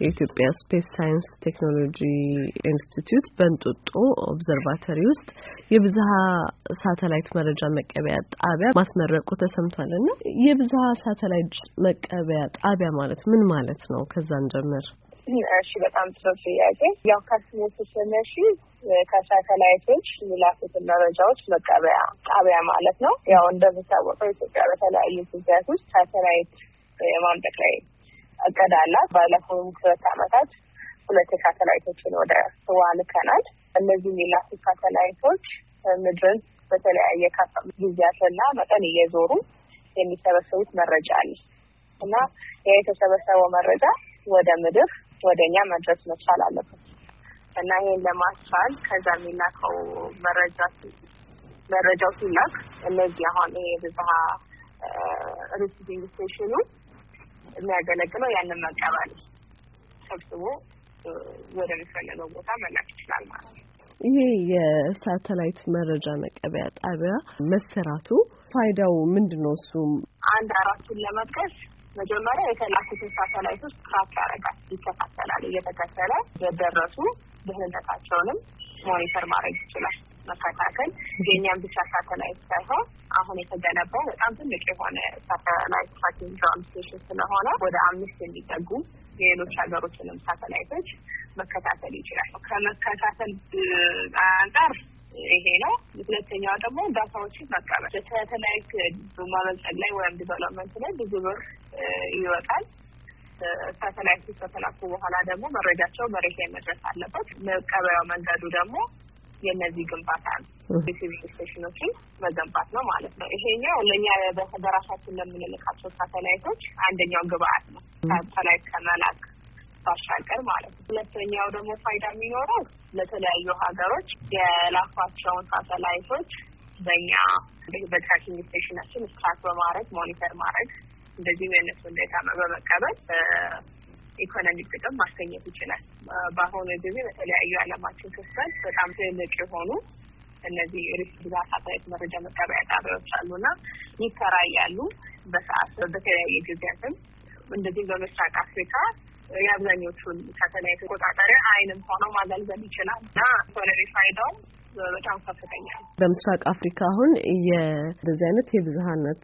የኢትዮጵያ ስፔስ ሳይንስ ቴክኖሎጂ ኢንስቲትዩት በእንጦጦ ኦብዘርቫተሪ ውስጥ የብዝሃ ሳተላይት መረጃ መቀበያ ጣቢያ ማስመረቁ ተሰምቷል እና የብዝሃ ሳተላይት መቀበያ ጣቢያ ማለት ምን ማለት ነው? ከዛን ጀምር እሺ፣ በጣም ጥሩ ጥያቄ። ያው ከስሙ ስስነሺ ከሳተላይቶች የሚላኩትን መረጃዎች መቀበያ ጣቢያ ማለት ነው። ያው እንደሚታወቀው ኢትዮጵያ በተለያዩ ጊዜያት ውስጥ ሳተላይት የማምጠቅ ላይ እቅድ አላት። ባለፉት ሁለት ዓመታት ሁለት ሳተላይቶችን ወደ ህዋ ልከናል። እነዚህ የሚላኩ ሳተላይቶች ምድርን በተለያየ ጊዜያትና መጠን እየዞሩ የሚሰበሰቡት መረጃ አለ እና ያ የተሰበሰበው መረጃ ወደ ምድር ወደ እኛ መድረስ መቻል አለበት እና ይህን ለማስቻል ከዛ የሚላከው መረጃ መረጃው ሲላክ እነዚህ አሁን ይሄ ብዝሃ ሪሲቪንግ ስቴሽኑ የሚያገለግለው ያንን መቀበል ሰብስቦ ወደሚፈለገው ቦታ መላክ ይችላል ማለት ነው። ይሄ የሳተላይት መረጃ መቀበያ ጣቢያ መሰራቱ ፋይዳው ምንድን ነው? እሱም አንድ አራቱን ለመጥቀስ መጀመሪያ የተላኩትን ሳተላይቶች ትራክ ያደርጋል፣ ይከታተላል። እየተከተለ የደረሱ ደህንነታቸውንም ሞኒተር ማድረግ ይችላል። መከታተል የእኛም ብቻ ሳተላይት ሳይሆን አሁን የተገነባው በጣም ትልቅ የሆነ ሳተላይት ትራኪንግ ግራውንድ ስቴሽን ስለሆነ ወደ አምስት የሚጠጉ የሌሎች ሀገሮችንም ሳተላይቶች መከታተል ይችላል። ከመከታተል አንጻር ይሄ ነው። ሁለተኛው ደግሞ ዳታዎችን መቀበል ከተለያዩ በማበልጸግ ላይ ወይም ዲቨሎፕመንት ላይ ብዙ ብር ይወጣል። ሳተላይት ከተላኩ በኋላ ደግሞ መረጃቸው መሬት ላይ መድረስ አለበት። መቀበያው መንገዱ ደግሞ የእነዚህ ግንባታ ነው። ሪሲቪንግ ስቴሽኖችን መገንባት ነው ማለት ነው። ይሄኛው ለእኛ በራሳችን ለምንልካቸው ሳተላይቶች አንደኛው ግብአት ነው። ሳተላይት ከመላክ ባሻገር ማለት ነው። ሁለተኛው ደግሞ ፋይዳ የሚኖረው ለተለያዩ ሀገሮች የላኳቸውን ሳተላይቶች በእኛ በትራኪንግ ስቴሽናችን ስትራክ በማድረግ ሞኒተር ማድረግ እንደዚሁም የእነሱ ዴታ በመቀበል ኢኮኖሚ ጥቅም ማስገኘት ይችላል። በአሁኑ ጊዜ በተለያዩ ዓለማችን ክፍል በጣም ትልቅ የሆኑ እነዚህ ሪስክ ብዛት ሳተላይት መረጃ መቀበያ ጣቢያዎች አሉና ይከራያሉ በሰዓት በተለያየ ጊዜያትም እንደዚህም በምስራቅ አፍሪካ የአብዛኞቹን ሳተላይት ተቆጣጠረ አይንም ሆነው ማዘልዘል ይችላል እና ወረሪ ፋይዳው በጣም ከፍተኛ በምስራቅ አፍሪካ አሁን የእንደዚህ አይነት የብዝሀነት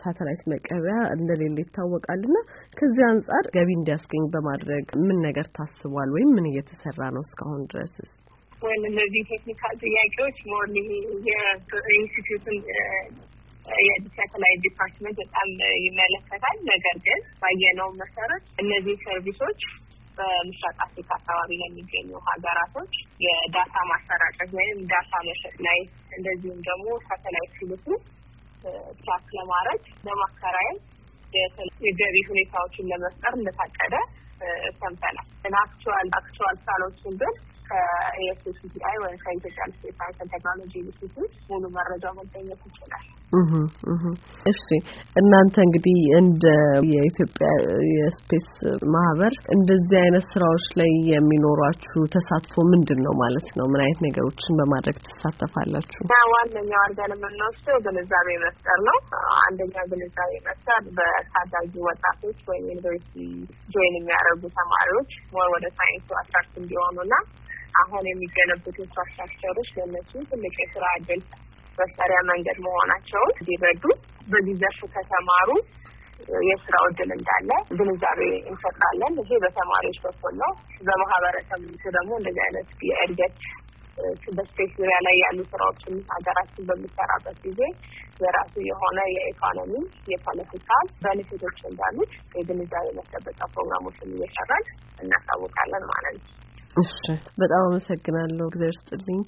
ሳተላይት መቀበያ እንደሌለ ይታወቃል ና ከዚህ አንጻር ገቢ እንዲያስገኝ በማድረግ ምን ነገር ታስቧል ወይም ምን እየተሰራ ነው እስካሁን ድረስስ? ወይም እነዚህ ቴክኒካል ጥያቄዎች ሞር የኢንስቲትዩትን የአዲስ ዲፓርትመንት በጣም ይመለከታል። ነገር ግን ባየነው መሰረት እነዚህ ሰርቪሶች በምስራቅ አፍሪካ አካባቢ ለሚገኙ ሀገራቶች የዳታ ማሰራጨት ወይም ዳታ መሸጥ ላይ እንደዚሁም ደግሞ ሳተላይት ሲልኩ ትራክ ለማድረግ ለማከራየት የገቢ ሁኔታዎችን ለመፍጠር እንደታቀደ ሰምተናል። አክቹዋል አክቹዋል ሳሎችን ግን ከኤኤስሲሲአይ ወይም ከኢትዮጵያ ስቴት ሳይንስ ቴክኖሎጂ ኢንስቲትዩት ሙሉ መረጃው መገኘት ይችላል። እሺ እናንተ እንግዲህ እንደ የኢትዮጵያ የስፔስ ማህበር እንደዚህ አይነት ስራዎች ላይ የሚኖሯችሁ ተሳትፎ ምንድን ነው ማለት ነው? ምን አይነት ነገሮችን በማድረግ ትሳተፋላችሁ? ዋነኛው አድርገን የምንወስደው ግንዛቤ መፍጠር ነው። አንደኛ ግንዛቤ መፍጠር በታዳጊ ወጣቶች ወይም ዩኒቨርሲቲ ጆይን የሚያደርጉ ተማሪዎች ወደ ሳይንሱ አትራክት እንዲሆኑና አሁን የሚገነቡት ኢንፍራስትራክቸሮች ለእነሱ ትልቅ የስራ እድል መሰሪያ መንገድ መሆናቸውን እንዲረዱ በዚህ ዘርፍ ከተማሩ የስራ እድል እንዳለ ግንዛቤ እንሰጣለን። ይሄ በተማሪዎች በኩል ነው። በማህበረሰብ ደግሞ እንደዚህ አይነት የእድገት በስፔስ ዙሪያ ላይ ያሉ ስራዎችን ሀገራችን በሚሰራበት ጊዜ የራሱ የሆነ የኢኮኖሚ፣ የፖለቲካ በንፊቶች እንዳሉት የግንዛቤ ማስጨበጫ ፕሮግራሞችን እየሰራን እናሳውቃለን ማለት ነው። እሺ፣ በጣም አመሰግናለሁ። እግዚአብሔር ይስጥልኝ።